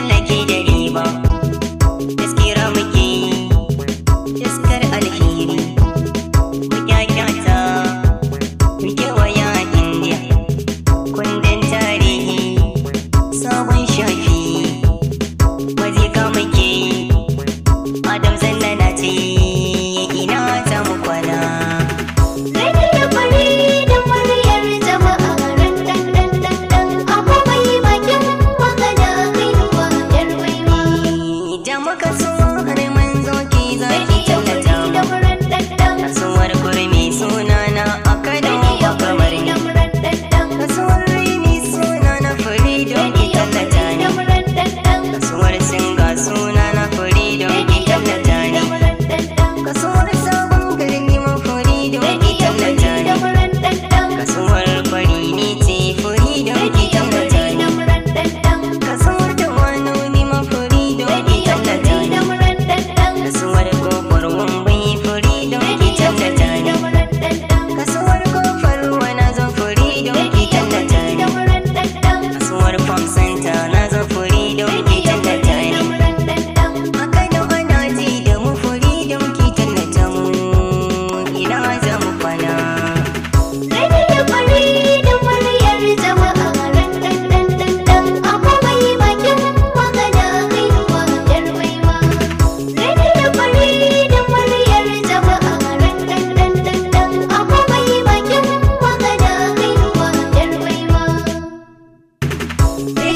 tsallake da நமக்கு Yeah.